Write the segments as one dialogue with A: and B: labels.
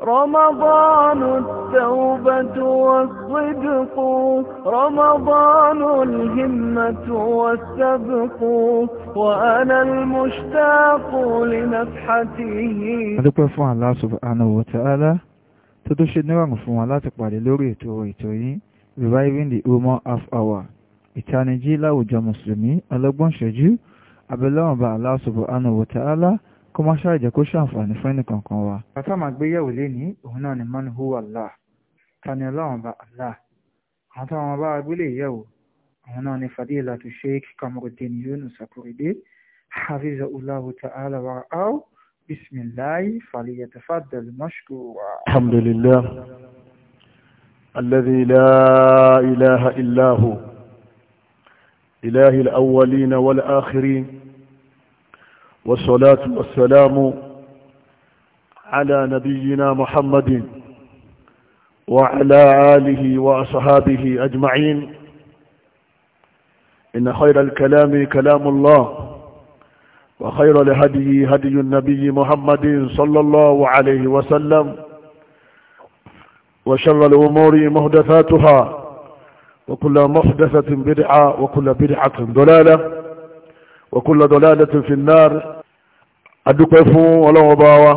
A: رمضان التوبة والصدق رمضان الهمة والسبق وأنا المشتاق لنفحته أدوكو
B: فوان الله سبحانه وتعالى تدوشي نوان فوان الله تقبالي لوري توري توري reviving the Umar half hour ìtanijí láwùjọ mùsùlùmí ọlọ́gbọ́n ṣojú abẹ́lẹ́wọ̀n bá Allah subhanahu wa ta'ala kó má ṣàìjẹ́ kó ṣàǹfààní fún ẹnì kankan wa. bàtà máa gbéyẹ̀wò lénìí òun náà ni man huwa Allah tani ọlọ́run bá Allah àwọn táwọn bá gbélé yẹ̀wò àwọn náà ni fadilatu sheikh Kamuruddin Yunus Akorede hafizahullahu ta'ala wa ra'aw bisimilayi falyatafaddal
A: mashkura.
C: alhamdulillah alladhi la ilaha illa hu ilahi al-awwalina wal-akhirin. والصلاة والسلام على نبينا محمد وعلى آله وأصحابه أجمعين إن خير الكلام كلام الله وخير الهدي هدي النبي محمد صلى الله عليه وسلم وشر الأمور مهدثاتها وكل محدثة بدعة وكل بدعة ضلالة وكل ضلالة في النار adúpẹ́ fún ọlọ́run ọba wa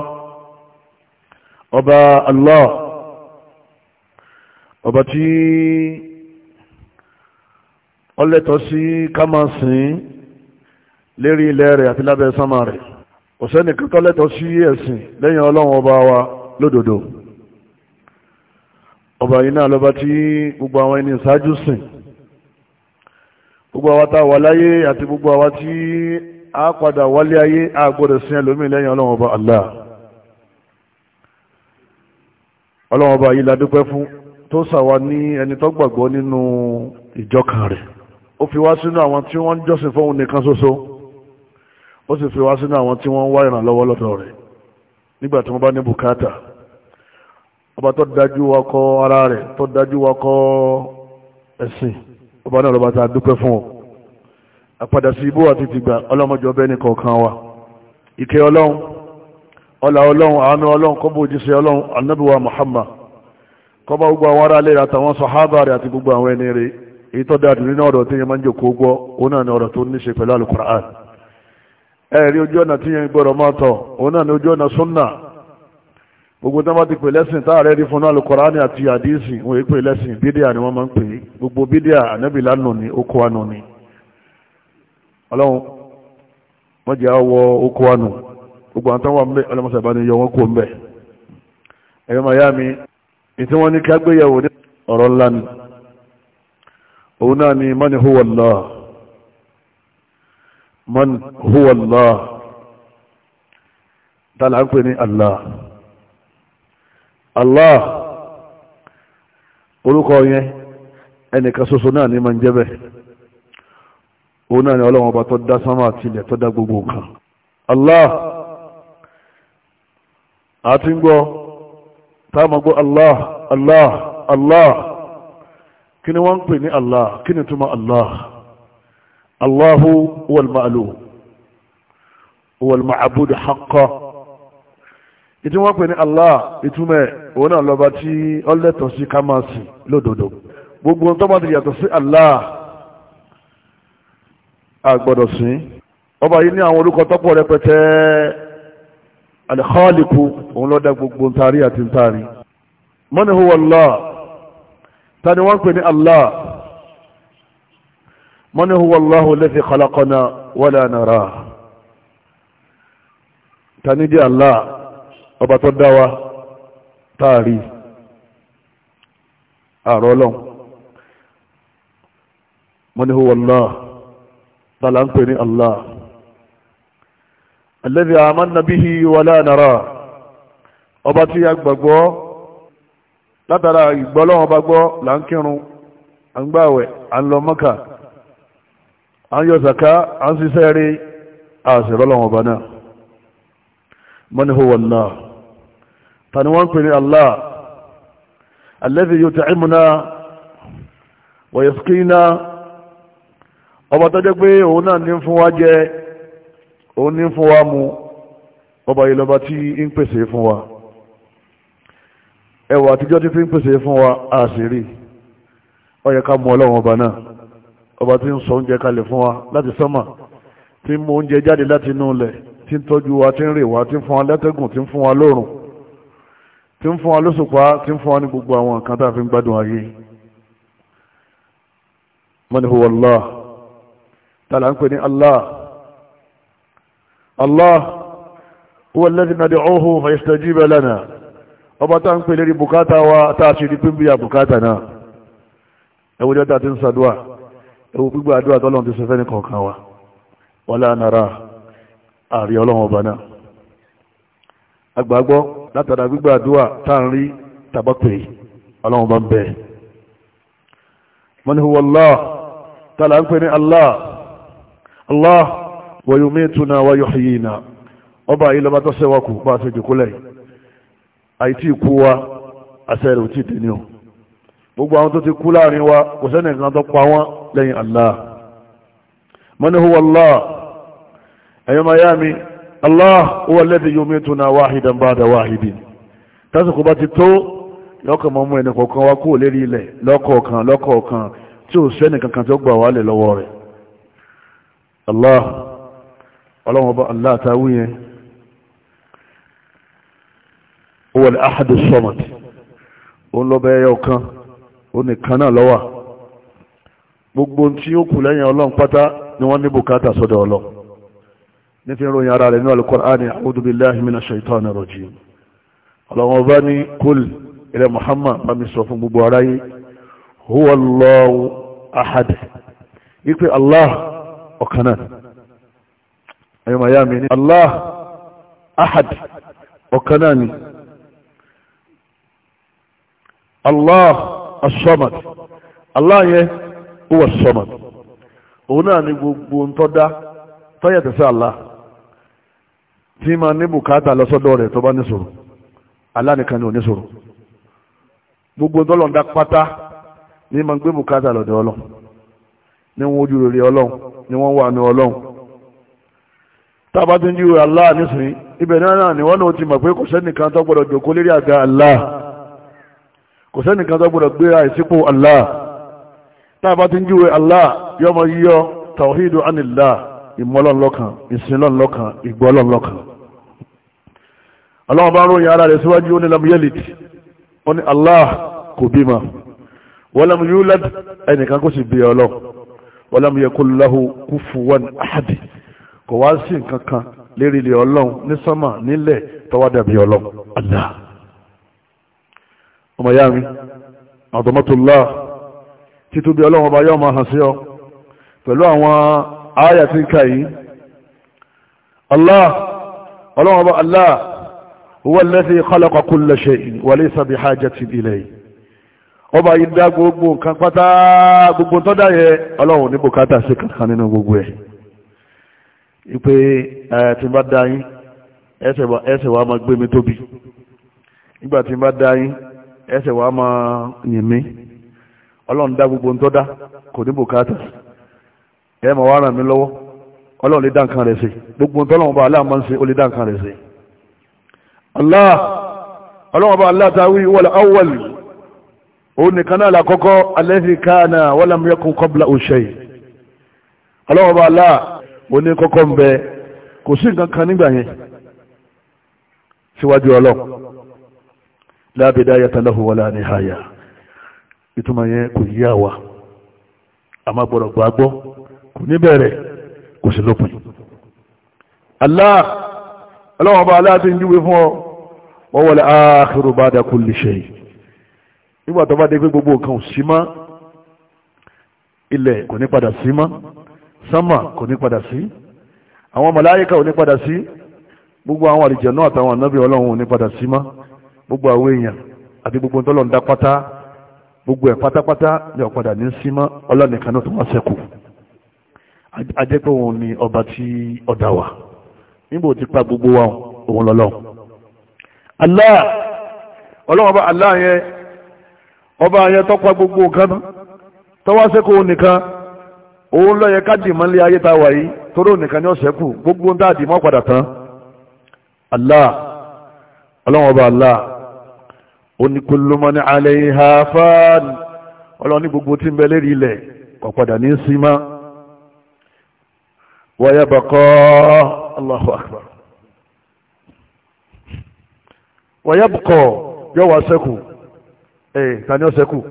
C: ọba Allah ọba tí ọlẹ́tọ̀ sí kámasìn lérí ilẹ̀ rẹ̀ àti lábẹ́ sánmà rẹ̀ ọ̀sẹ́ni kíkọ́ lẹ́tọ̀ sí ẹ̀sìn lẹ́yìn ọlọ́run ọba wa lódodo ọba yìí náà lọ́ba tí gbogbo àwọn ẹni ìsáájú sìn gbogbo àwa tá láyé àti gbogbo àwa tí a padà wálé ayé a gbọ́dọ̀ sin ẹlòmíì lẹ́yìn ọlọ́run ọba Allah ọlọ́run ọba yìí la dúpẹ́ fún tó sàwa ní ẹni tó gbàgbọ́ nínú ìjọkan rẹ̀ ó fi wá sínú àwọn tí wọ́n jọ́sìn fóun nìkan ṣoṣo ó sì fi wá sínú àwọn tí wọ́n ń wá rẹ̀ nígbà tí wọ́n bá ní bùkátà ọba tó dájú wakọ ara rẹ̀ tó dájú wakọ ẹ̀sìn ọba náà lọ́ba tá dúpẹ́ fún ọ àpàdà sí ibú àti tìgbà ọlọ́mọjọ bẹ́ni kọ̀ọ̀kan wa ìkẹ́ ọlọ́run ọlá ọlọ́run àánú ọlọ́run kọ́bù òjíṣẹ́ ọlọ́run anábíwá Muhammad kọ́bà gbogbo àwọn ará lẹ́rẹ̀ àtàwọn sọ̀hábà rẹ̀ àti gbogbo àwọn ẹni rẹ̀ èyí tó dáadì nínú ọ̀rọ̀ tí yẹn máa ń jòkó gbọ́ òun náà ni ọ̀rọ̀ tó ní ṣe pẹ̀lú alukur'an ẹ̀rí ojú ọ̀nà tí yẹn gbọ́dọ̀ máa tọ̀ òun náà ni ojú ọ̀nà súnà gbogbo tí wọ́n bá ti pè lẹ́sìn tá ààrẹ rí fún alukur'an àti àdísì wọ́n èé pè lẹ́sìn bídíà ni wọ́n máa ń pè gbogbo bídíà ànábìlá nù ní okòwà nù ní ọlọ́run wọ́n jẹ́ ọwọ́ oko ànù gbogbo àwọn táwọn mbẹ ọlọ́mọṣẹ́ bá ní yọ wọ́n kó mbẹ ẹ̀yọ́ màyá mi ìtí wọ́n ní kí agbéyẹ̀wò ní ọ̀rọ̀ ńlá ni òun náà ni man huwa Allah man huwa ń pè ní Allah Allah orúkọ yẹn ẹnìkan ṣoṣo náà ni máa ń jẹ́ bẹ́ẹ̀ òun náà ni ọlọ́wọ́n ọba tó dá sánmà tilẹ̀ tó dá gbogbo nǹkan Allah àti ń gbọ́ táàmà gbọ́ Allah Allah Allah kí ni wọ́n ń pè ní Allah kí ni túmọ̀ Allah Allahu wal ma'lum wal ma'bud haqqan ìtí wọ́n pè ní Allah ìtumẹ̀ òun náà lọ́ba tí ọlẹ́tọ̀ sí ká máa gbogbo tó bá ti yàtọ̀ sí Allah àgbọ̀dọ̀ sìn ọba yìí ní àwọn orúkọ tọ́pọ̀ rẹpẹtẹ alikọ́ọ̀lìkù òun ló dá gbogbo ntaari àti ntaari mọ́ni huwa Allah tani wọ́n pè ní Allah mọ́ni huwa Allah alladhi khalaqana wala nara tani di Allah ọba tó dá taari àrọ́lọ́n mọ́ni huwa Allah tààlà ń pè ní Allah alladhi amanna bihi wala nara ọba tí a gbàgbọ́ látara ìgbọ́lọ́wọ́n bá gbọ́ là ń kírun à ń gbààwẹ̀ à ń lọ Mọ́kà à ń yọ zaka à ń ṣiṣẹ́ rí àṣìrọ́lọ́wọ́n bá náà man huwa Allah tani wọ́n pè ní Allah alladhi yut'imuna wa yasqina ọba tó jẹ́ pé òun náà ní fún wa jẹ òun ní fún wa mu ọba yìí tí ń pèsè fún wa ẹwà àtijọ́ tí ń pèsè fún wa a sì rí ó yẹ ká mọ ọlọ́run ọba náà ọba tí ń sọ oúnjẹ kalẹ̀ fún wa láti sánmà tí ń mú oúnjẹ jáde láti inú ilẹ̀ tí ń tọ́jú wa tí ń rè wa tí ń fún wa lẹ́tẹ̀gùn tí ń fún wa lóòrùn tí ń fún wa lóṣùpá tí ń fún wa ní gbogbo àwọn nǹkan tá a fi ń gbádùn ayé man huwa Allah tààlà ń pè ní Allah Allah huwa alladhi nad'uhu fayastajiba lana ọba tá ń pè lérí bùkátà wa tá a ṣe ní pínpín bùkátà náà ẹwọ ní ọjà tí ń sàdúà ẹwọ gbígbà àdúà tọ́lọ́n ti sẹfẹ́ ní kọ̀ọ̀kan wa wala nara àrí ọlọ́run ọba náà agbàgbọ́ látara gbígbà àdúà tá ń rí tàbápè ọlọ́run bá ń bẹ man huwa Allah tààlà ń pè ní Allah Allah wa yumituna wa yuhyina ọba ilẹ̀ bá tọ́sẹ̀ wa kù bá a ṣe jùkúlẹ̀ àìtí ikú wa àṣẹ rẹ̀ ò tí tẹ̀ ní o gbogbo àwọn tó ti kú láàrin wa kò sẹ́ni kan tó pa wọ́n lẹ́yìn Allah man huwa Allah ẹ̀yọ́ miami Allah huwa alladhi yumituna wahidan ba'da wahidin tásìkò bá ti tó lọ́kàn mọ́mú ẹnì kọ̀ọ̀kan wa kú lérí ilẹ̀ lọ́kọ̀ọ̀kan lọ́kọ̀ọ̀kan tí ò sẹ́ni kankan tó gbà wálẹ̀ lọ́wọ́ rẹ̀ Allah ọlọ́run ọba Allah táwí yẹn ó wọlé ahadu sọmọt ó ń lọ́bẹ̀ ẹyọ kan ó nìkan náà lọ́wà gbogbo tí ó kù lẹ́yìn ọlọ́run pátá ni wọ́n ní bùkátà sọ́dọ̀ ọlọ́run nífi ròyìn ara rẹ̀ ní al-Qur'ani a'udhu billahi minash ọlọ́run ọba ní kúl ilẹ̀ Muhammad bá mi sọ fún gbogbo aráyé huwa Allahu ahad ipe Allah ọ̀kan náà ẹ̀yọ́ màá yá mi ní Allah ahad ọ̀kan náà ni Allah asọ́mad Allah yẹn ó wà sọ́mad òun náà ni gbogbo ń tọ́ dá tọ́yẹ̀tẹ̀ sí Allah tí ma ní bùkátà lọ́sọ́dọ̀ rẹ̀ tó bá níṣòro Allah nìkan ni ò níṣòro gbogbo ń ń dá pátá ní ma gbé bùkátà lọ́dọ̀ ọlọ́run ni wọ́n ojú rere ọlọ́run ni wọ́n wà ní ọlọ́run tábà tó ń jíwèé Allah nísìnyí ibẹ̀ náà ni wọ́n náà ti mọ̀ pé kò sẹ́nìkan tó gbọ́dọ̀ jòkó lérí àga Allah kò sẹ́nìkan tó gbọ́dọ̀ gbé àìsípò Allah tábà tó ń jíwèé Allah yọmọ yíyọ tawhidu anillah ìmọ́lọ́nlọ́kan ìsinlọ́nlọ́kan ìgbọ́lọ́nlọ́kan Allah bá ròyìn ara rẹ̀ síwájú ó ní lam ó ní Allah kò bímọ wọ́n lam yulad ẹnìkan kò sì bí ọlọ́run walam yakul lahu kufuwan ahad kò wá sí nǹkan kan lérí ilé ọlọ́run ní sánmà nílẹ̀ tọ́wádà bí ọlọ́run Allah ọmọ ìyá mi àdọ́mọ́tòlá títúbí ọlọ́run ọba yọ́ máa hàn sí ọ pẹ̀lú àwọn ààyà tí ń ka yìí Allah ọlọ́run ọba Allah huwa alladhi khalaqa kulla shay'in wa laysa bihajatin ilayhi ọba yìí dá gbogbo nǹkan pátá gbogbo tó dá yẹ ọlọ́run ní bùkátà sí kankan nínú gbogbo ẹ̀ ipe tí n bá dá yín ẹsẹ̀ wa máa gbé mi tóbi nígbà tí n bá dá yín ẹsẹ̀ wa máa yìn mí ọlọ́run dá gbogbo tó dá kò ní bùkátà ẹ máa wá ràn mí lọ́wọ́ ọlọ́run lè dá nǹkan rẹ̀ sí gbogbo tọ́lọ́run bá aláàmọ́ sí ó lè dá nǹkan rẹ̀ sí. Allah ọlọ́run bá aláàtàwí wọlé awọ́lì òun nìkan náà lákọ́kọ́ alẹ́sì káàna wọ́lá mẹ́kún kọ́bla òṣèyí ọlọ́wọ́ba aláà ó ní kọ́kọ́ ń bẹ kò sí nǹkan kan nígbà yẹn síwájú ọlọ́ la bidayata lahu wala nihaya ìtumọ̀ yẹn kò yí àwa àmọ́ gbọ́dọ̀ gbàgbọ́ kò ní bẹ̀rẹ̀ kò sí lópin aláà ọlọ́wọ́ba aláà ti ń júwe fún ọ wọ́n wọlé akhiru ba'da kulli shay nígbà tó bá dé pé gbogbo nǹkan ò sí mọ́ ilẹ̀ kò ní padà sí mọ́ sánmà kò ní padà sí àwọn màláíkà ò ní padà sí gbogbo àwọn àlùjànnú àtàwọn ànábì ọlọ́run ò ní padà sí mọ́ gbogbo àwọn èèyàn àti gbogbo tọ́lọ̀ ń dá pátá gbogbo ẹ̀ pátápátá ní ọ̀padà ní sí mọ́ ọlọ́nìkan náà tó wá sẹ́kù ajẹ́pẹ́ ni ọba tí ọ̀dà wà níbo ti pa gbogbo wa òun lọ́lọ́run Allah ọlọ́run ọba Allah yẹn ọba ayẹ tọ́pa gbogbo kaná tọ́wọ́sẹ́kọ̀ nìkan òun lọ́yẹ káàdì mọ́lẹ́ ayé ta wà yìí tóró nìkan ní ọ̀sẹ̀ kù gbogbo ń dáàdì mọ́ padà tán Allah ọlọ́wọ́n ọba Allah ó ní kullu man 'alayha fan ọlọ́wọ́n ní gbogbo tí ń bẹ lérí ilẹ̀ kò padà ní símá wa yabqa Allahu akbar wa yabqa yọ wá sẹ́kù ee eh, ta ni ó ṣẹ́kù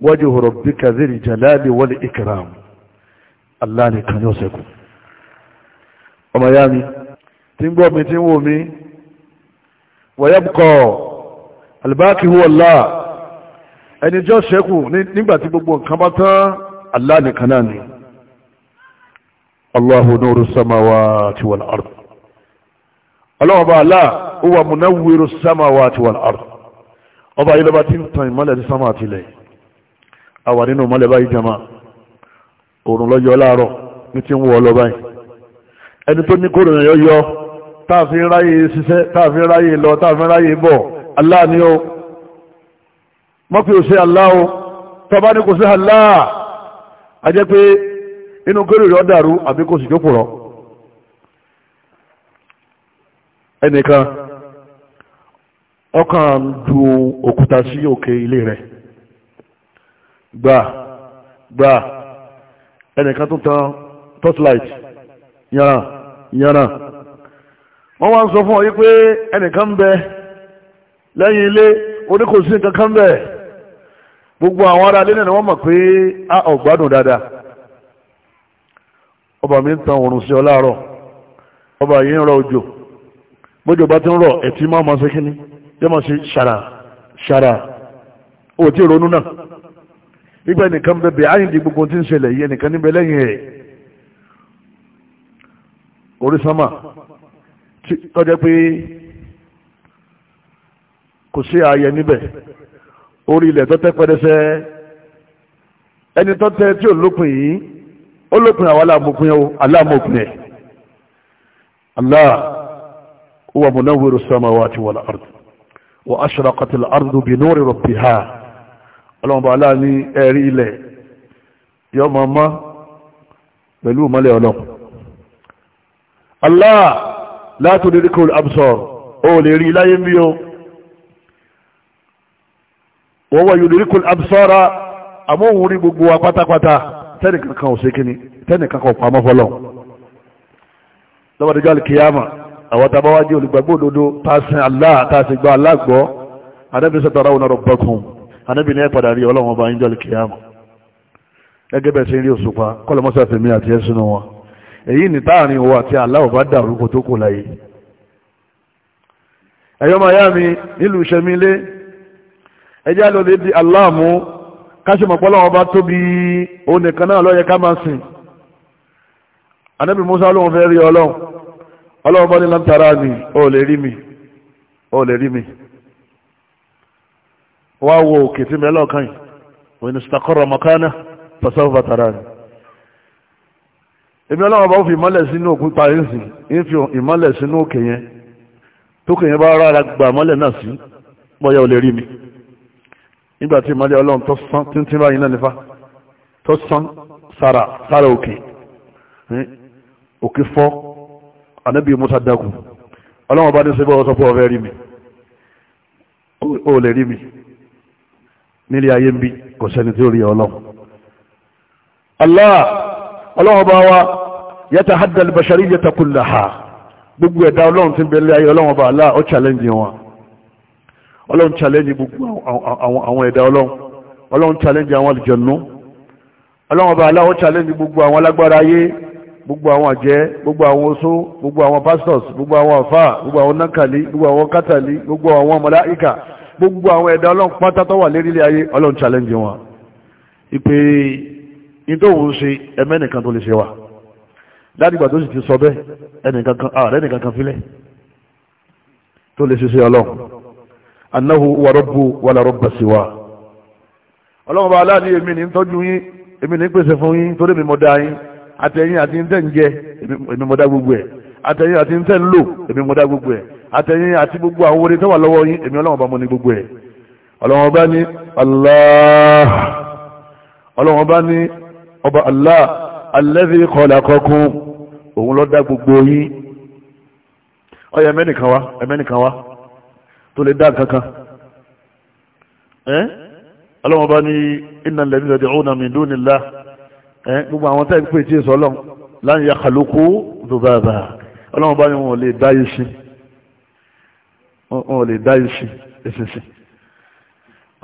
C: wajhu rabbika zil jalali wal ikram وما يامي ni ó ṣẹ́kù ọmọ ya mi tí ń gbọ́ mi tí ń wò mí wa yabqa al-baqi huwa Allah ẹni jọ́ ṣẹ́kù nígbà tí gbogbo nǹkan bá tán Allah nìkan náà ni Allahu nuru samawati wal ard ọlọ́wọ́ bá Allah huwa munawwiru samawati wal ard ọba yìí lọ́ba tí ń tan ìmọ́lẹ̀ ti sánmà àtìlẹ̀ àwà nínú ìmọ́lẹ̀ báyìí jama òrùn lọ́yọ́ láàárọ̀ ní tí ń wọ́ lọ báyìí ẹni tó ní kórìnà yọ yọ táàfin ráyè ṣiṣẹ́ táàfin ráyè lọ táàfin ráyè bọ̀ Allah o ó mọ́pí ò sí Allah ó tọba ní kò sí Allah a jẹ́ pé inú kórìnà ọ̀dàrú àbí sì jókòó ẹnìkan ọkàn ju òkúta sí òkè ilé rẹ̀ gbà gbà ẹnìkan tó tan torchlight yàrá yàrá wọ́n wá ń sọ fún ọ yí pé ẹnìkan bẹ lẹ́yìn ilé oníkòsí nǹkan kan bẹ̀ gbogbo àwọn ará ilé náà wọ́n mọ̀ pé a ọ̀gbádùn dáadáa ọba mi ń tan oòrùn sí ọ láàárọ̀ ọba yìí ń rọ òjò bójú ọba ti ń rọ ẹ̀tí máa ma ṣe kínní yóò máa ṣe ṣàrà ṣàrà
A: ó ti ronú náà
C: nígbà nìkan bẹ̀bẹ̀ áyìndì gbogbo tí ń ṣẹlẹ̀ yìí ẹnìkan níbẹ̀ lẹ́yìn ẹ̀ orí sánmà tọ́jẹ́ pé kò sí ààyè níbẹ̀ orí ilẹ̀ tọ́tẹ́ pẹ́rẹsẹ́ ẹni tọ́tẹ́ tí ò lópin yìí ó lópin àwọn aláàmópin ó aláàmópin ẹ̀ Allah huwa munawwiru samawati wal ard wa ashraqat al-ardu bi nuri rabbiha ọlọ́mọba aláàní ẹ̀rí ilẹ̀ yọ ma mọ́ pẹ̀lú mọ́lẹ̀ ọlọ́m Allah la tudrikul absar ó lè rí láyé mí o wa huwa yudrikul absara àmóhun rí gbogbo wa pátápátá tẹ́nìkankan ò sékíní tẹ́nìkankan ò pamọ́ fọlọ́ àwọn tàbá wá jẹ́ olùgbàgbọ́ òdodo tàṣin Allah tàṣin gba aláàgbọ́ anábìnrin sọ́tọ̀ aráwọn ọ̀rọ̀ bọ́kùn anábìnrin ẹ̀ padà rí ọlọ́run ọba ìjọ kìíyàmù gẹ́gẹ́ bẹ̀ sí rí òṣùpá kọlọmọ́sá tèmi àti ẹ̀sùnú wọn èyí ni táàrin owó àti Allah bá dàrú kò tó kò láyé ẹ̀yọ́ máa yá mi nílùú ìṣẹ́mílé ẹjá ló lè di Allah mú fẹ́ rí ọlọ́run ọlọ́wọ́ bọ́ ní lámtara mi ó lè rí mi ó lè rí mi wá wo òkè tí mẹ́lọ́ kan yìí òyìn ìsìtàkọ́rọ̀ mọ̀kánà pàṣẹ́wọ́ bàtàrà rẹ̀ èmi ọlọ́wọ́ bá fi ìmọ́lẹ̀ sínú òkú parí sí ń fi ìmọ́lẹ̀ sínú òkè yẹn tó kè yẹn bá rárá gba ìmọ́lẹ̀ náà sí bọ́yá ó lè rí mi nígbà tí ìmọ́lẹ̀ ọlọ́run tó sán tí báyìí náà nífa tó sán sára sára òkè òkè fọ́ ànábì Musa dákù ọlọ́wọ́n bá ní sẹ́gbẹ́ ọ̀sọ́ fún ọ̀fẹ́ rí mi ó lè rí mi nílé ayé ń bí kò sẹ́ni tí ó rí ọlọ́wọ́ Allah ọlọ́wọ́n bá wa yàtà haddal bashari yàtà kùlà ha gbogbo ẹ̀dá ọlọ́run ti ń ayé ọlọ́wọ́n bá Allah ó challenge wọn ọlọ́run challenge gbogbo àwọn ẹ̀dá ọlọ́run ọlọ́run challenge àwọn àlùjọ̀nú ọlọ́wọ́n bá Allah ó challenge gbogbo àwọn alágbára ayé gbogbo àwọn àjẹ́ gbogbo àwọn oṣó gbogbo àwọn pastors gbogbo àwọn àfà gbogbo àwọn nákàlí gbogbo àwọn kátàlí gbogbo àwọn màláíkà gbogbo àwọn ẹ̀dá ọlọ́run pátátọ́ wà lérí ilé ayé ọlọ́run challenge wọn ìpè ìtòhùn ṣe ẹmẹ́nìkan tó lè ṣe wà ládìgbà tó sì ti sọ bẹ́ẹ̀ ẹnìkankan ààrẹ nìkankan fílẹ̀ tó lè ṣiṣẹ́ ọlọ́run annahu wa rabbu wala rabba siwa ọlọ́run bá aláàní èmi ní tọ́jú yín èmi ní pèsè fún yín torí mi mọ̀ dá yín àtẹ̀yìn àti ń tẹ̀ ń jẹ èmi mọ̀dá gbogbo ẹ̀ àtẹ̀yìn àti ń tẹ̀ ń lò èmi mọ̀dá gbogbo ẹ̀ àtẹ̀yìn àti gbogbo àwọn orin tó wà lọ́wọ́ yín èmi ọlọ́wọ́n bá mọ ní gbogbo ẹ̀ ọlọ́wọ́n bá ní Allah ọlọ́wọ́n bá ní ọba Allah alladhi khalaqakum òun ló dá gbogbo yín ọyọ ẹmẹ́nìkan wá ẹmẹ́nìkan wá tó lè dá kankan ọlọ́wọ́n bá ní innal ladhina yad'una min dunillah Eh, gbogbo àwọn tẹ́ pé tí sọ lọ́n láyé àkàlùkù dùbàbà ọlọ́run bá ní wọn lè dá iṣin wọn lè dá iṣin ìṣinṣin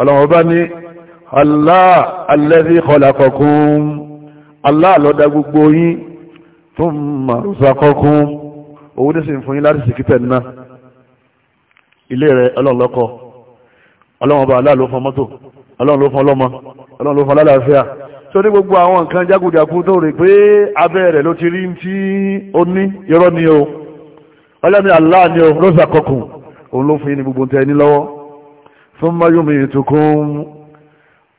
C: ọlọ́run bá ní Allah alladhi khalaqakum Allah ló dá gbogbo yín thumma razaqakum owó ní sì ń fún yín láti sìkítẹ̀ náà ilé rẹ̀ ọlọ́run lọ́kọ̀ ọlọ́run bá Allah ló fún mọ́tò ọlọ́run ló fún ọlọ́mọ ọlọ́run ló fún alálàáfíà torí gbogbo àwọn nǹkan jágùdàgùn tó rè pé abẹ́ rẹ̀ ló ti rí tí ó ní irọ́ ni o ọlọ́ni Allah ni o rọ́sà kọkùn òun ló fi ní gbogbo tẹ ní lọ́wọ́ fún mayomi ìtukùn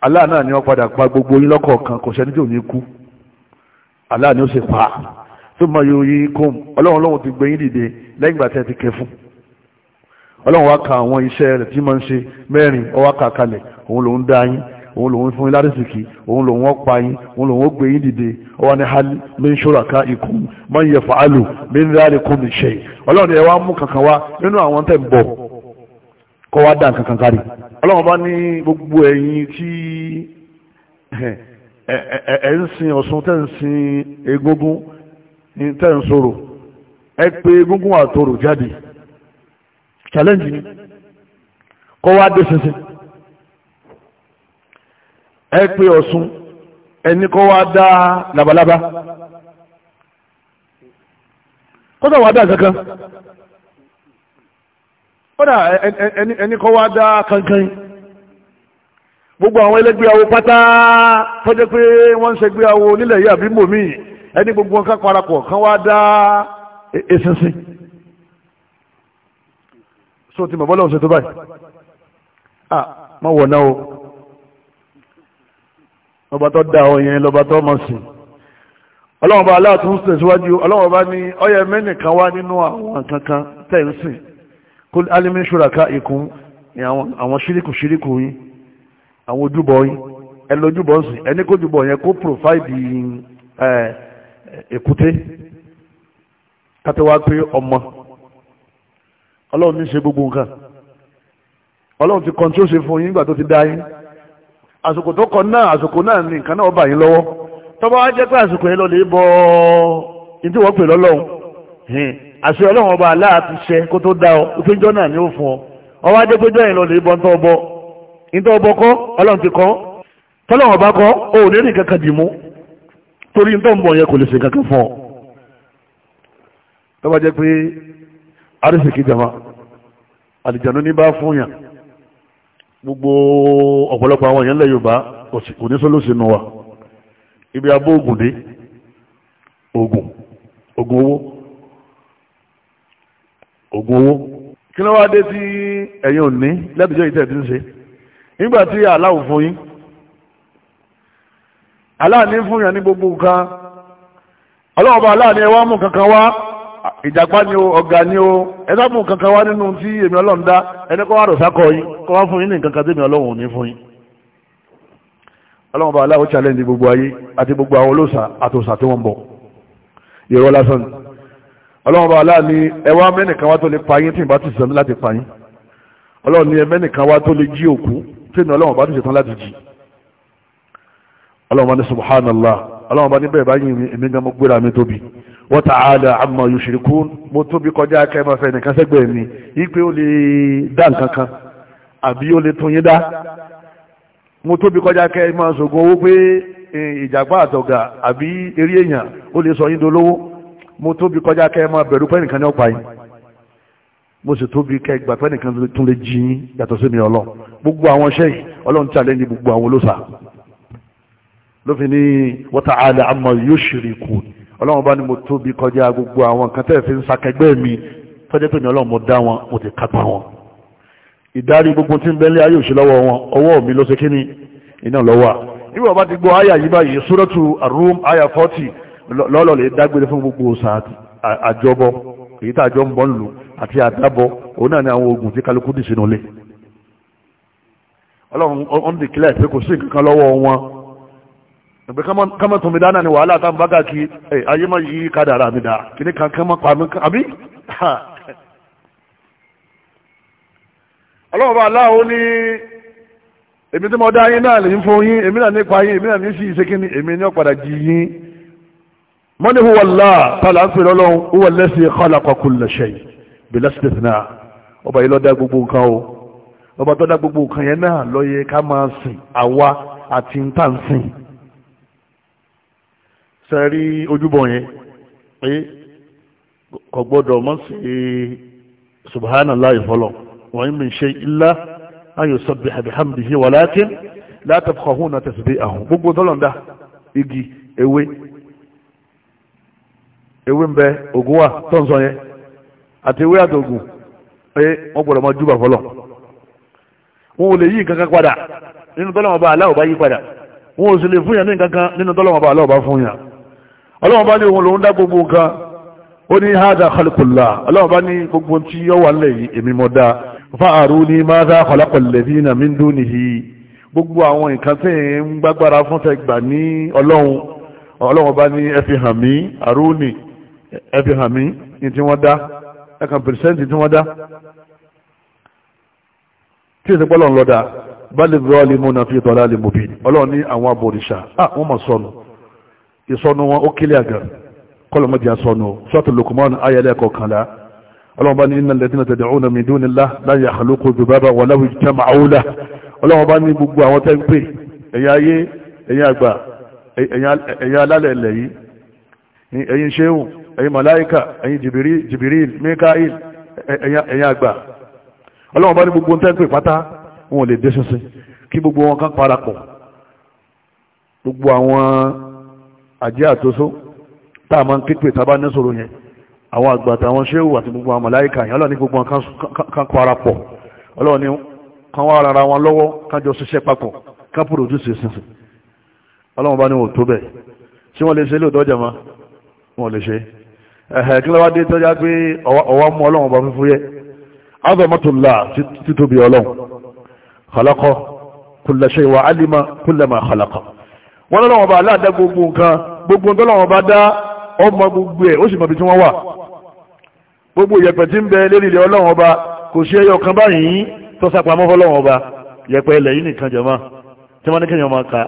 C: Allah náà ni wọ́n padà pa gbogbo yín lọ́kọ̀ọ̀kan kò sẹ́ni tí ò ní kú Allah ni ó sì pa fún mayomi kùn ọlọ́run lọ́hùn ti gbé yín dìde lẹ́yìn ìgbà tẹ́ ti kẹ fún ọlọ́run wá ka àwọn iṣẹ́ rẹ̀ tí máa ń ṣe mẹ́rin ọwá kàkalẹ̀ òun lòún dá yín òun lòun fún yín òun lòun ó pa yín hali min shurakaikum man iku min dhalikum min shay ọlọ́run ẹ̀ mú kankan wá nínú àwọn tẹ̀ ń bọ̀ kọ́ wá dá nǹkan kárí ọlọ́run bá ní gbogbo ẹ̀yin tí ẹ̀ ń sin ọ̀ṣun tẹ̀ ń sin egungun tẹ̀ ń sọ̀rọ̀ ẹ pé egungun àtòrò jáde challenge ni kọ́ ẹ pé ọ̀ṣun ẹni kọ́ wá dá labalábá kọ́dà wá dá kankan kọ́dà ẹni kọ́ wá dá kankan gbogbo àwọn ẹlẹ́gbéyàwó pátá fọ́jẹ́ pé wọ́n ń ṣègbéyàwó nílẹ̀ yìí àbí mòmí ẹni gbogbo wọn kan parapọ̀ kan wá dá e, eṣinṣin so ti mọ̀ bọ́lá ọ̀sẹ̀ tó báyìí ah má wọ̀ náà o lọ́ba tó dá ọ yẹn lọ́ba tó mọ̀ sí ọlọ́run bá aláàtún tẹ̀síwájú ọlọ́run bá ní ọyẹ mẹ́nìkan wá nínú àwọn kankan tẹ̀sìn kó alimi ṣuraka ikun ní àwọn ṣíríkù ṣíríkù yín àwọn ojúbọ yín ẹ lójúbọ sí ẹni kójúbọ yẹn kó pòròfáìdì èkúté kátó wá pé ọmọ ọlọ́run ní ṣe gbogbo nǹkan ọlọ́run ti kọ́ńtó ṣe fún yín nígbà tó ti dá yín. àsìkò tó kọ náà àsìkò náà ní nǹkan náà bà yín lọ́wọ́ tọ́ba wá jẹ́ pé àsìkò yẹn lọ́lẹ̀ bọ́ ní tí wọ́n pè lọ́lọ́run àṣẹ ọlọ́run ọba ti kó tó dá ọ péjọ́ náà ni ó fún ọ bọ́ ọbọ ọbọ kọ́ ọlọ́run ti kọ́ tọ́lọ́run ọba kọ́ ní torí ń bọ̀ kò lè ṣe kankan fún ọ gbogbo ọ̀pọ̀lọpọ̀ àwọn èèyàn ilẹ̀ Yorùbá kò ní sólóṣìnú wa ibi abó ogun dé ogun ogun owó ogun owó kí ló wá dé tí ẹ̀yin ò ní lẹ́bìjọ́ ìtẹ̀ tí ń ṣe nígbà tí aláwò fún yín aláàní fún yàn ní gbogbo nǹkan ọlọ́wọ́ aláàní ẹwà mú kankan wá ìjàpá ni o ọ̀gá ni o ẹ̀sàmù kankan wá nínú tí èmi ọlọ́run dá ẹni kọ́ wá rọ̀ sákọ̀ yín kọ́ wá fún yín ní nǹkan kan tẹ́mi ọlọ́run ò ní fún yín ọlọ́run bá aláwọ̀ challenge gbogbo ayé àti gbogbo àwọn olóòsà àtòsà tí wọ́n bọ̀ ìrọ̀ lásán ọlọ́run bá aláà ní ẹwà mẹ́nìkan wá tó lè pa yín tí ìbá ti sẹ́mi láti pa yín ọlọ́run ní ẹmẹ́nìkan wá tó lè jí òkú tí ìnà ọlọ́run bá ti ṣetán láti jí ọlọ́run bá ní subhanallah ọlọ́run bá ní bẹ́ẹ̀ báyìí èmi gan mo gbéra mi tóbi wa ta'ala amma yushrikun mo tóbi kọjá akẹ́mọ̀ fẹ́ nìkan sẹ́gbẹ̀ẹ́ mi ipe ó lè dá nǹkan kan àbí ó lè tún yín dá mo tóbi kọjá akẹ́mọ̀ sògùn owó pé ìjàgbá àtọ̀gà àbí eré èèyàn ó lè sọ yín dolówó mo tóbi kọjá akẹ́mọ̀ bẹ̀rù pé ní ọ̀pá yín mo sì tóbi kẹ́ ìgbà pé tún lè jí yàtọ̀ sí mi ọlọ́ gbogbo àwọn ṣẹ́yìn ọlọ́run tí a ní gbogbo àwọn olóṣà lófin ní wa ta'ala amma ọlọ́run bá ní mo tóbi kọjá gbogbo àwọn nǹkan tẹ́ fi ń sakẹgbẹ́ mi tọ́jẹ́ pé mi ọlọ́run mo dá wọn mo ti kápá wọn ìdarí gbogbo tí ń bẹ́lẹ̀ ayé òṣè lọ́wọ́ wọn ọwọ́ mi ló ṣe kí ni iná lọ́wọ́ nígbà bá ti gbọ́ àyà yìí báyìí sórọ́tù àrùm àyà fọ́tì lọ́lọ́ lè dágbére fún gbogbo òsà àjọbọ èyí tá àjọ ń bọ́ ń lò àti àdábọ òun náà ni àwọn oògùn tí kálukú dì sínú ilé ọlọ́run ó ń dìkílẹ̀ pé kò sí nǹkan lọ́wọ́ wọn ìgbé kọ́mọ̀ tó mi dáná ni wàhálà táwọn bága kí ayé má yí kádàrà mi dá kíní kan kọ́mọ̀ pa mi kan àbí. ọlọ́run bá aláwo ní èmi tí mo dá yín náà lè ń fún yín èmi náà nípa yín èmi náà ní sí ìṣe kíní èmi ní ọ̀padà jì yín. mọ́ni huwa Allah tààlà ń pè lọ́lọ́run huwa allazi khalaqa kulla shay bila istithna ọba yìí ló dá gbogbo nǹkan o ọba tó dá gbogbo nǹkan yẹn náà ló sẹ́rí ojúbọ yẹn pé kò gbọ́dọ̀ mọ́ sí subhanallah ìfọlọ̀ wa in min shay illa an yusabbiha bihamdihi walakin la tafqahuna tasbihahum gbogbo tọ́lọ̀dá igi ewé ewé ń bẹ ògùn wà tọ́nsọ yẹn àti ewé àtògùn pé wọ́n gbọ́dọ̀ mọ́ júbà fọlọ̀ wọn ò lè yí nǹkan kan padà nínú tọ́lọ̀mọba aláwọ̀ bá yí padà wọn ò sì lè fún yàn ní nǹkan kan nínú tọ́lọ̀mọba aláwọ̀ bá fún yàn ọlọ́run bá ní òun lòun dá gbogbo nǹkan ó ní hádà khalqullah ọlọ́run bá ní gbogbo tí yọ wà lẹ̀ yìí èmi mọ̀ dá fáàrú ní máza khalaqal ladhina min dunihi gbogbo àwọn nǹkan tí ń gbágbára fún fẹ́ gbà ní ọlọ́run ọlọ́run bá ní ẹ fi hàn mí àrúnì ẹ fi hàn mí ní tí wọ́n dá ẹ̀kan pẹ̀sẹ́ǹtì tí wọ́n dá tí ìsìnkú ọlọ́run lọ́dà bá lè rọ́ọ̀lì mú ìsọnù wọn ó kílẹ̀ àgàn kọlọ̀mọ́dì àsọnù sọ́tù lukumọ́nù ayẹlẹ́ kọkànlá ọlọ́wọ́n bá ní iná lẹ́dínà tẹ̀dẹ̀ òun nàmì dún nílá láyé àkàlùkù zùbábà wà láwùjì jẹ́ màáwùlá ọlọ́wọ́n bá ní gbogbo àwọn tẹ́ ń pè ẹ̀yà ayé ẹ̀yà àgbà ẹ̀yà alálẹ̀ ẹ̀lẹ̀ yìí ẹ̀yin ṣéhùn ẹ̀yin màláìkà ẹ̀yin jìbìrìl mẹ́káìl ẹ̀yà àgbà ọlọ́wọ́n bá ní gbogbo tẹ́ ń pè pátá wọn ò lè dé ṣinṣin kí gbogbo wọn kan parapọ̀ gbogbo àwọn àjẹ́ àtóso tá a máa ń képe tá a bá ní sọ̀rọ̀ yẹn àwọn àgbà àtàwọn ṣéwù àti gbogbo àwọn màláìkà yẹn ọlọ́ọ̀ni gbogbo kan kó ara pọ̀ ọlọ́ọ̀ni kan wá ara wọn lọ́wọ́ kan jọ ṣiṣẹ́ papọ̀ kan pòròdúsì sísìn ọlọ́wọ́n bá ní wò tó bẹ̀ tí wọ́n lè ṣe lóòótọ́ jẹ̀mọ́ wọ́n lè ṣe ẹ̀hẹ̀ kí lọ́wọ́ dé tọ́já pé ọwọ́ mú ọlọ́wọ́n bá fífú yẹ azọmọtòlá títóbi ọlọ́wọ́n khalaqo kulla shay alima kulla ma khalaqa wọ́n lọ́wọ́ bá aláàdá gbogbo nǹkan gbogbo tó lọ́wọ́ bá dá ọmọ gbogbo ẹ̀ ó sì mọ̀ bí tí wọ́n wà gbogbo ìyẹ̀pẹ̀ tí ń bẹ lérí ilẹ̀ ọlọ́wọ́ bá kò sí ẹyọ kan báyìí tó sápamọ́ fọlọ́wọ́ bá ìyẹ̀pẹ̀ ilẹ̀ yìí nìkan jẹ̀mọ́ tí wọ́n ní kéèyàn máa ka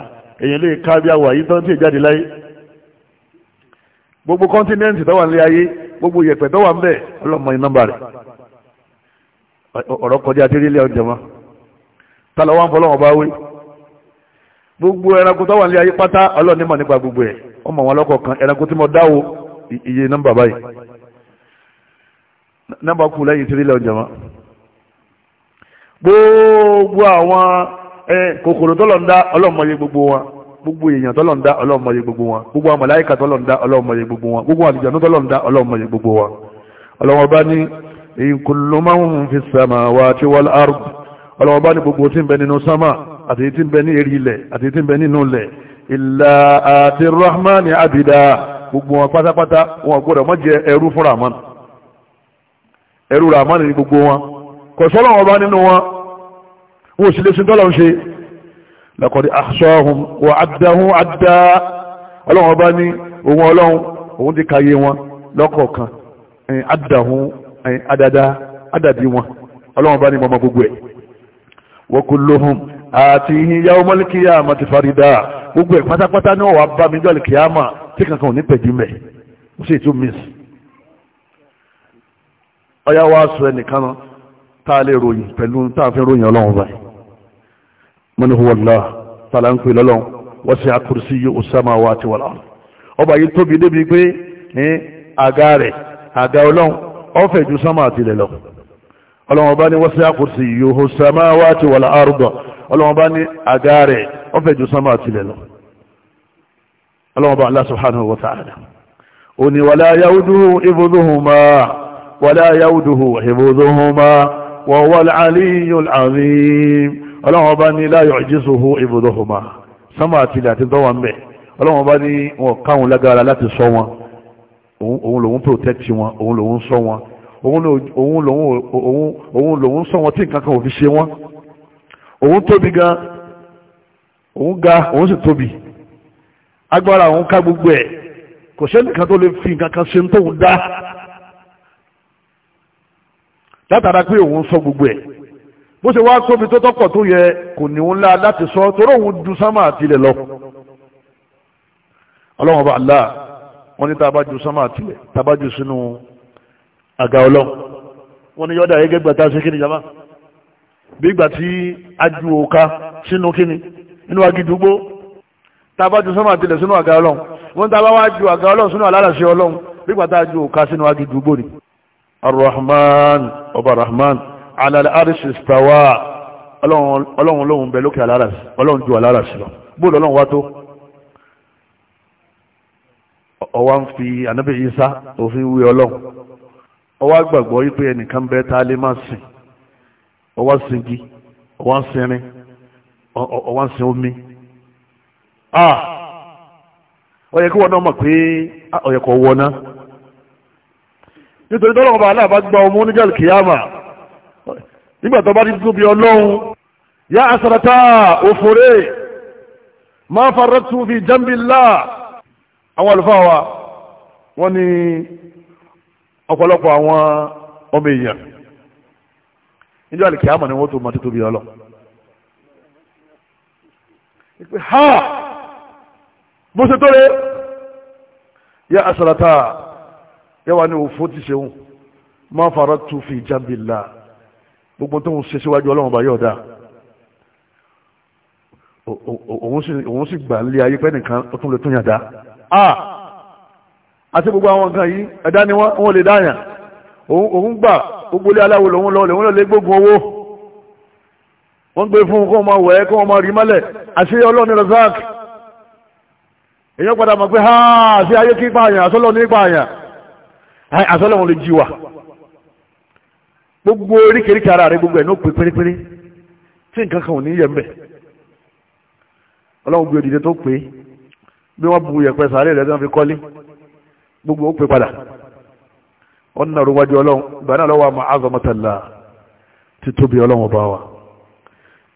C: èyàn lè ká bí awà yìí tán tí ìjáde láyé gbogbo kọ́ńtínẹ́ǹtì tó wà nílé ayé gbogbo ìyẹ̀pẹ̀ tó wà ń bẹ ọlọ́mọ iná bàrẹ̀ ọ̀rọ̀ kọjá tí ilé ọjọ́ mọ́ tá ń fọlọ́wọ́ bá wí gbogbo ẹranko tó wà ní ayé pátá ọlọ́run ní mọ̀ nípa gbogbo ẹ̀ ọmọ wọn lọ́kọ̀ọ̀kan ẹranko tí mo dá o iye nọ́mbà báyìí nọ́mbà kù lẹ́yìn tí lílẹ̀ ọ̀jọ̀mọ́ gbogbo àwọn kòkòrò tó lọ́n dá ọlọ́run gbogbo wọn gbogbo èèyàn tó lọ́n dá ọlọ́run gbogbo wọn gbogbo àwọn màláíkà tó lọ́n dá ọlọ́run gbogbo wọn gbogbo àlùjànnú tó lọ́n dá ọlọ́run gbogbo wọn ọlọ́run ọba ní in kullu man fi samawati wal ard ọlọ́run ọba ní gbogbo tí ń bẹ nínú sámà àti tí ń bẹ ní eré ilẹ̀ àti tí ń bẹ nínú ilẹ̀ ìlà àti rahman abida gbogbo wọn pátápátá wọn gbọ́dọ̀ má jẹ ẹrú fún rahman ẹrú rahman ní gbogbo wọn kò sọ́lọ́ wọn bá nínú wọn wọn ò sì lè sin tọ́lọ́ ń ṣe laqad ahsahum wa addahum adda ọlọ́wọ́n bá ní ohun ọlọ́run òun ti kàyé wọn lọ́kọ̀ọ̀kan addahum adada adàdí wọn ọlọ́wọ́n bá ní mọ́mọ́ gbogbo ẹ̀ wa kulluhum àti ìyìn yàwó mọ́líkìyà àmàtí farida gbogbo ẹ̀ pátápátá ní ọ̀wà bá mi jọ́ àlìkìyàmà tí kankan ò ní pẹ̀jú mẹ́ ó sì tún miss ọyá wa sọ ẹnìkan tá a lè ròyìn pẹ̀lú tá a fi ròyìn ọlọ́run báyìí mo ní wọ́lá tààlà ń pè lọ́lọ́run wọ́n sì àkùrùsí yìí ó sáma wa àti wọ́lá ọba yìí tóbi débi pé ní àga rẹ̀ àga ọlọ́run ọ̀fẹ́ ju sáma àti lọ́run ọlọ́wọ́n bá ní wasi'a kursiyyuhu samawati wal arda ọlọ́wọ́n bá ní àga rẹ̀ wọ́n fẹ̀ ju sánmà tilẹ̀ lọ ọlọ́wọ́n bá Allah subhanahu wa ta'ala ó ní wala yauduhu hifdhuhuma wala yauduhu hifdhuhuma wa huwal aliyyul azim ọlọ́wọ́n bá ní la yu'jizuhu hifdhuhuma sánmà tilẹ̀ àti tọ́wọ́ bá ní wọn káwọn lágara láti sọ wọn òun lòun protect wọn òun lòun sọ wọn òun lòun sọ wọn tí nǹkan kan ò fi ṣe wọn òun tóbi gan òun ga òun sì tóbi agbára òun ká gbogbo ẹ̀ kò sẹ́nìkan tó lè fi nǹkan kan ṣe ń tóun dá látara pé òun sọ gbogbo ẹ̀ bó ṣe wá tóbi tó tọ́pọ̀ tó yẹ kò ní òun lá láti sọ torí òun ju sámà àti ilẹ̀ lọ ọlọ́run ọba àlá wọn ní tá a bá ju sámà àti ilẹ̀ tá a bá ju sínú àga ọlọ́ wọ́n ní yọ́dà gẹ́gẹ́ gbàtà sí kíni jama bí ìgbà tí ajú òka sínú kíni inú agidugbo tá a bá ju sọ́mà tilẹ̀ sínú àga ọlọ́ wọ́n tá a bá wá ju àga ọlọ́ sínú alálàṣẹ ọlọ́ bí tá a òka sínú agidugbo ni. arrahman ọba rahman alal arish istawa ọlọ́run lóhun bẹ lókè alárasì ọlọ́run ju alárasì lọ bóòlù ọlọ́run wá tó ọwá ń fi ànábì Ìsá òfin wí ọlọ́run ọwọ́ àgbàgbọ́ wípé ẹnìkan bẹ́ẹ̀ tá a lè máa sìn ọwọ́ singi ọwọ́ sinrin ọwọ́ sin omi ah ọyẹ kí wọn náà mọ̀ pé ọyẹ kò wọ náà nítorí tọ́lọ́ ọba aláàbá gba ọmọ oníjàlù kìyàmà nígbà tó bá ti tóbi ọlọ́run yá àsàràtà òfòrè máa faratu fi jambillah àwọn àlùfáà wa wọ́n ní ọ̀pọ̀lọpọ̀ àwọn ọmọ èèyàn níjọ́ àlèkè àmọ̀ ni wọ́n tó mọ títóbi ọlọ ìpè ha bó ṣe tóre yá asàràtà yá wà ní òfó ti ṣeun máa fara tu fi jambila gbogbo tó ń ṣe síwájú ọlọ́run bá yọ̀ dáa òun sì gbà lé ayé pẹ́ nìkan ó tún lè tún yàn dá ah! àti gbogbo àwọn nǹkan yìí ẹ̀dá ni wọ́n lè dáyàn òun gbà gbogbo ilé aláwo lòun lọ lòun lọ lè gbógun owó wọ́n gbé fún kó máa wẹ̀ kó máa rí mọ́lẹ̀ àṣẹ ọlọ́ni razak èyàn padà mọ̀ pé ha sí ayé kí pààyàn àsọ́lọ́ ní pààyàn àsọ́lọ́ wọn lè jí wa gbogbo oríkèríkè ara rẹ gbogbo ẹ̀ ní ó pè pérépéré tí nǹkan kan ò ní yẹ mbẹ̀ ọlọ́run gbé òdìdẹ tó pé bí wọ́n bu yẹ̀pẹ̀ sàárè rẹ̀ tí wọ́n fi kọ́lé gbogbo ó pè padà ọ̀nà àrùwájú ọlọ́run ìgbà náà lọ́wọ́ àmà azọmọtàlá ti tóbi ọlọ́run ọba wa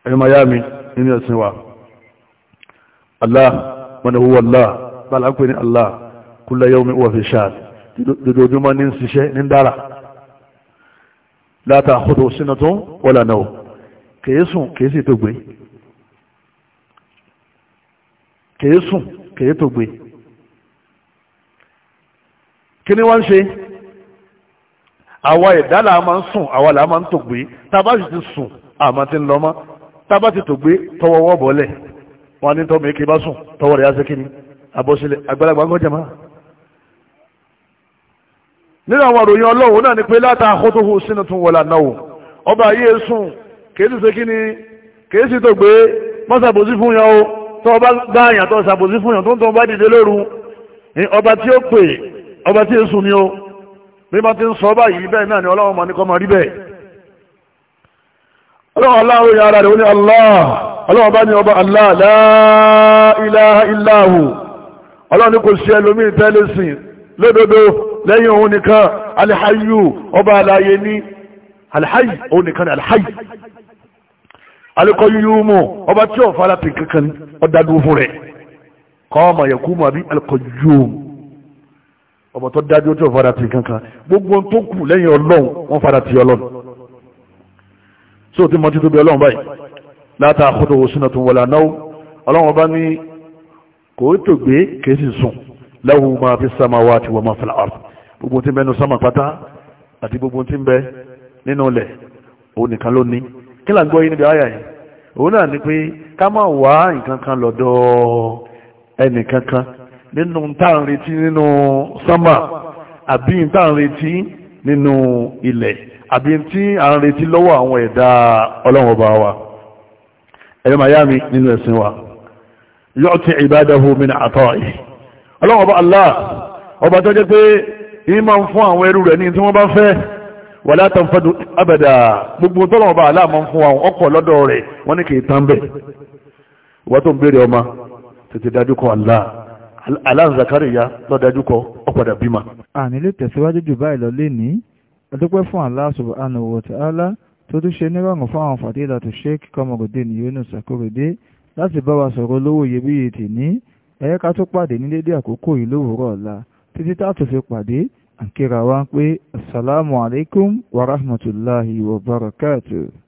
C: ẹ̀yìn miami nínú ẹ̀sìn wa allah mọ̀nàwó allah bala pè ní allah kulla yawmi huwa fi sha'n dojoojúmọ́ ní ṣiṣẹ́ ní dára la ta'khudhu sinatun wala nawm kìí sùn kìí sì tó gbé kìí sùn kìí tó gbé kíní wọ́n ń ṣe àwa ẹ̀dá là máa ń sùn àwa là máa ń tògbé tá a bá sì ti sùn àmọ́ ti ń lọ mọ́ tá a bá ti tògbé tọwọ́ wọ́ bọ́lẹ̀ wọn ní tọ́ mi kí bá sùn tọwọ́ rẹ̀ á ṣe kíní àbọ̀sílẹ̀ àgbàlagbà ń gọ́jà máa nínú àwọn àròyìn ọlọ́run náà ni pé látà àkótóhù sínú tún wọlà náà ọba ayé sùn kèésì ṣe kíni kèésì tó gbé mọ́ ṣàbòsí fún yàn o tó ọba gbá àyàn tó ṣàbòsí fún yàn tó ń tó bá dìde lóru ọba tí ó pè ọba tí ń sùn ni ó bí bá ti ń sọ báyìí bẹ́ẹ̀ náà ni ọlọ́run ma ní kọ́ ma rí bẹ́ẹ̀ ọlọ́run aláwọ̀ ya ara rẹ̀ ó ní Allah ọlọ́run bá ní ọba Allah la ilaha illa hu ọlọ́run ní kò sí ẹlòmíì tẹ́lẹ̀ sìn lódodo lẹ́yìn òun nìkan alhayyu ọba aláyé ní alhayy tí ò fara pin kankan ọ̀dàdúfún rẹ̀ kọ́ ọmọ yẹ̀kú mọ̀ bí alqayyum ọ̀bọ̀ tó dájú tó fara ti kankan gbogbo tó kù lẹ́yìn ọlọ́run wọ́n fara ti ọlọ́run so ti mọ́ títú bí ọlọ́run báyìí látà àkótó òsínà tó wọlé ànáwó ọlọ́run bá ní kò tó gbé kìí sì sùn lẹ́wù máa fi sáma wá àti wọ́n máa fi làwọn gbogbo tí ń bẹ nínú sáma pátá àti gbogbo tí ń bẹ nínú ilẹ̀ òun nìkan ló ní kí là ń gbọ́ yín níbi àyà yìí òun náà ní pé ká má wá nǹkan kan lọ́dọ̀ ẹnìkankan nínú táà retí nínú sánmà àbí táà retí nínú ilẹ̀ àbí tí à ń retí lọ́wọ́ àwọn ẹ̀dá ọlọ́run ọba wa ẹ̀yọ́ miami nínú ẹ̀sìn wa yu'ti ibadahu min ata'ihi ọlọ́run ọba Allah ọba tó jẹ́ pé yìí máa ń fún àwọn ẹrú rẹ̀ ní tí wọ́n bá fẹ́ Allah aláàrùn zakariya lọ́dájú kọ ọ̀padà bímọ.
B: àní lè tẹ̀síwájú jù báyìí lọ lénìí adúpẹ́ fún Allah subhanahu wa ta'ala tó tún ṣe nírọ̀rùn fún àwọn fadilatu Sheikh Kamarudeen Yunus Akorede láti bá wa sọ̀rọ̀ lówó iyebíye tì ní ẹ̀yẹ́ ká tó pàdé ní dédé àkókò yìí lówùúrọ̀ ọ̀la títí tá a tó fi pàdé àǹkírà wa ń pé asalaamualeykum wa rahmatulahi wa barakatuh.